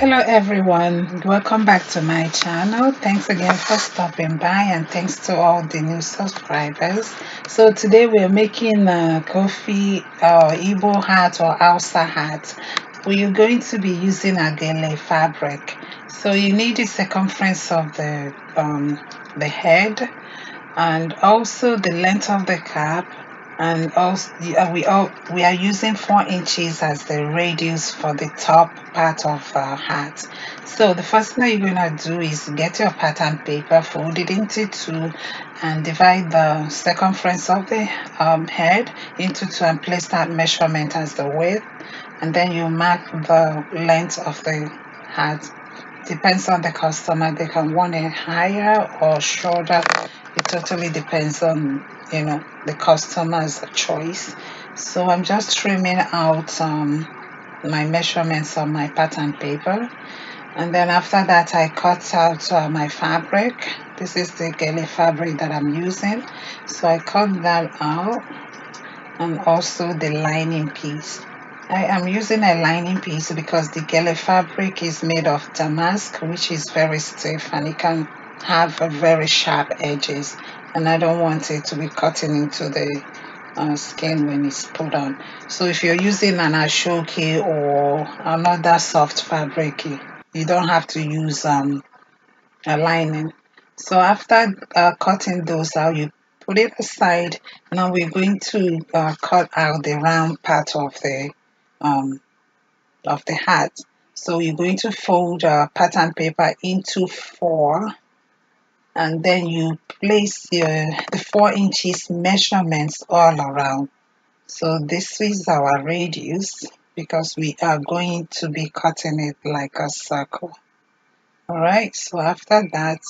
hello everyone welcome back to my channel thanks again for stopping by and thanks to all the new subscribers so today we're making a coffee or Igbo hat or Alsa hat we're going to be using a gele fabric so you need the circumference of the um, the head and also the length of the cap and also uh, we all we are using four inches as the radius for the top part of our hat so the first thing you're gonna do is get your pattern paper fold it into two and divide the circumference of the um, head into two and place that measurement as the width and then you mark the length of the hat depends on the customer they can want it higher or shorter it totally depends on you know the customer's choice so I'm just trimming out um, my measurements on my pattern paper and then after that I cut out uh, my fabric this is the gelly fabric that I'm using so I cut that out and also the lining piece I am using a lining piece because the gelly fabric is made of damask which is very stiff and it can have a very sharp edges and I don't want it to be cutting into the uh, skin when it's put on so if you're using an ashoki or another soft fabric you don't have to use um, a lining so after uh, cutting those out you put it aside now we're going to uh, cut out the round part of the um, of the hat so you're going to fold uh, pattern paper into four and then you place your the four inches measurements all around so this is our radius because we are going to be cutting it like a circle all right so after that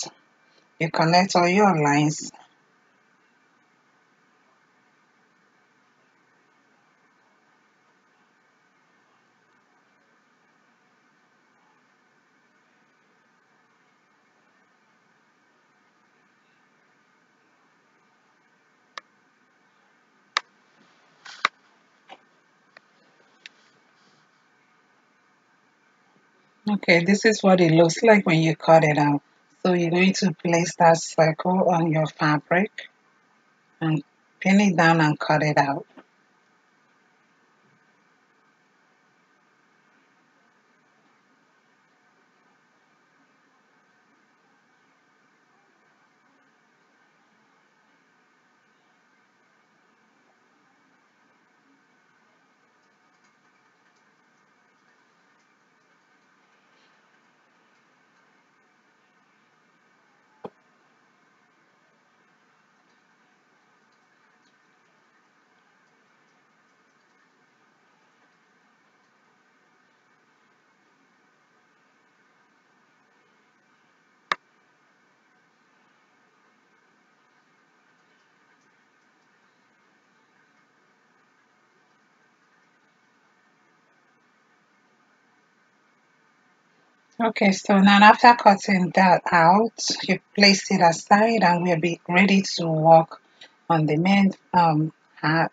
you connect all your lines Okay, this is what it looks like when you cut it out. So you're going to place that circle on your fabric and pin it down and cut it out. Okay, so now after cutting that out, you place it aside and we'll be ready to work on the main um, hat,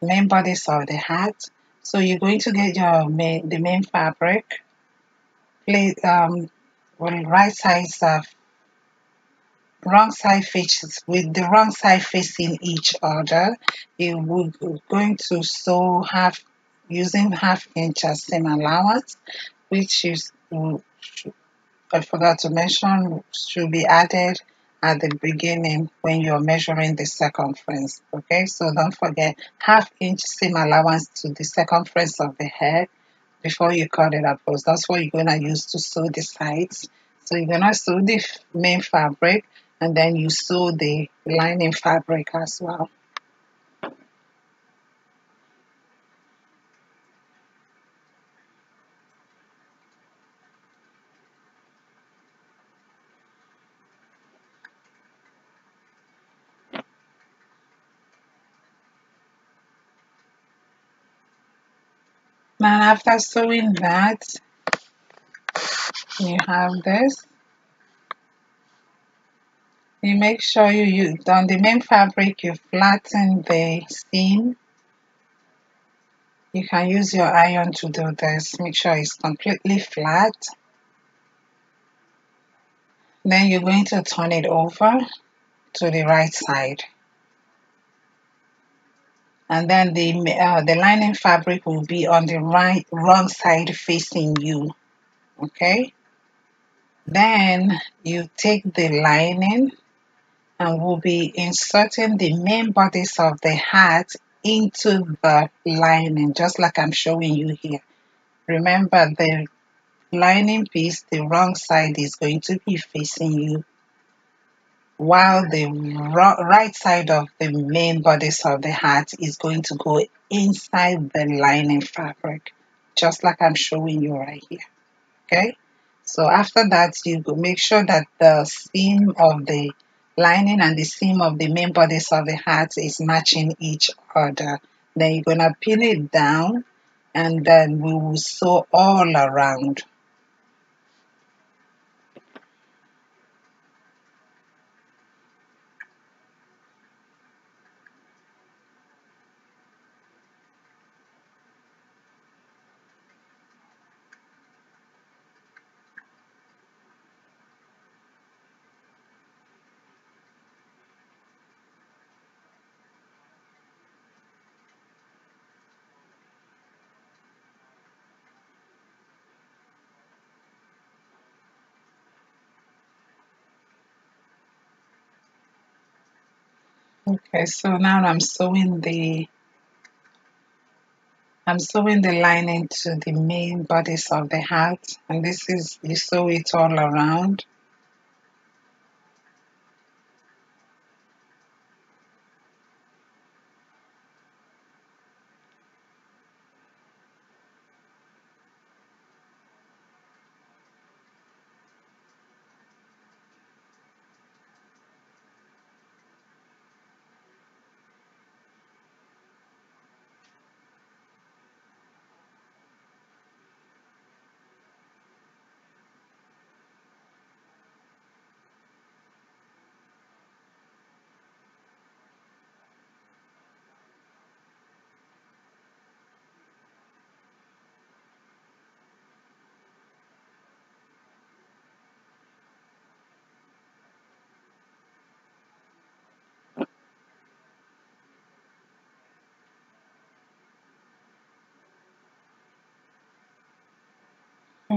main side of the hat. So you're going to get your main, the main fabric, place um, well, right sides of wrong side faces with the wrong side facing each other. You would going to sew half using half inch as seam allowance which is Mm, I forgot to mention should be added at the beginning when you're measuring the circumference. Okay, so don't forget half inch seam allowance to the circumference of the head before you cut it up across. That's what you're gonna use to sew the sides. So you're gonna sew the main fabric and then you sew the lining fabric as well. Now after sewing that you have this you make sure you, you on the main fabric you flatten the seam you can use your iron to do this make sure it's completely flat then you're going to turn it over to the right side and then the uh, the lining fabric will be on the right wrong side facing you okay then you take the lining and we'll be inserting the main bodies of the hat into the lining just like I'm showing you here remember the lining piece the wrong side is going to be facing you while the right side of the main bodice of the hat is going to go inside the lining fabric, just like I'm showing you right here. Okay, so after that, you make sure that the seam of the lining and the seam of the main bodice of the hat is matching each other. Then you're gonna pin it down and then we will sew all around Okay, so now I'm sewing the I'm sewing the lining to the main bodice of the hat and this is you sew it all around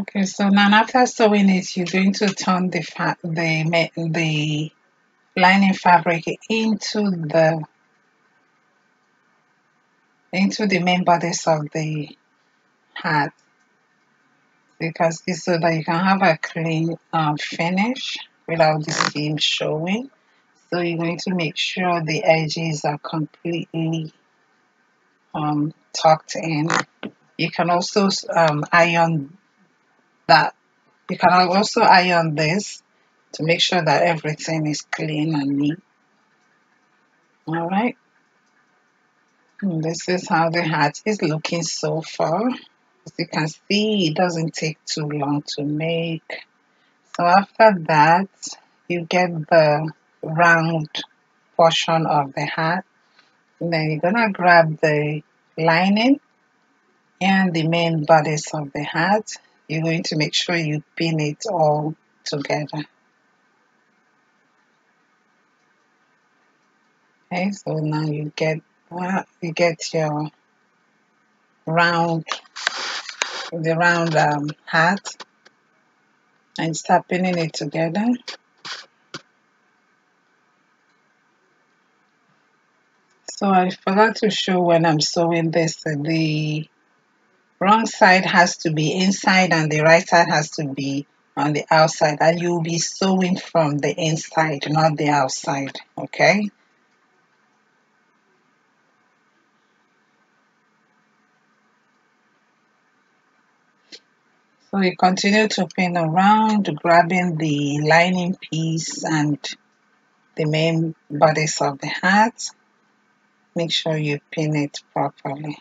Okay, so now after sewing it, you're going to turn the the the lining fabric into the into the main bodice of the hat because it's so that you can have a clean um, finish without the seam showing. So you're going to make sure the edges are completely um, tucked in. You can also um, iron that you can also iron this to make sure that everything is clean and neat. All right. And this is how the hat is looking so far. As you can see, it doesn't take too long to make. So after that, you get the round portion of the hat. And then you're gonna grab the lining and the main bodice of the hat you're going to make sure you pin it all together. Okay, so now you get you get your round the round um, hat and start pinning it together. So I forgot to show when I'm sewing this the wrong side has to be inside and the right side has to be on the outside and you'll be sewing from the inside not the outside okay So we continue to pin around, grabbing the lining piece and the main bodice of the hat. Make sure you pin it properly.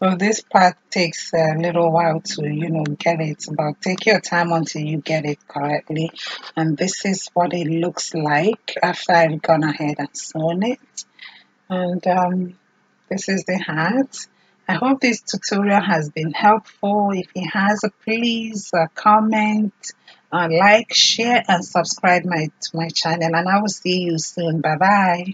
So this part takes a little while to, you know, get it, but take your time until you get it correctly. And this is what it looks like after I've gone ahead and sewn it. And um, this is the hat. I hope this tutorial has been helpful. If it has, please uh, comment, uh, like, share, and subscribe my, to my channel. And I will see you soon. Bye-bye.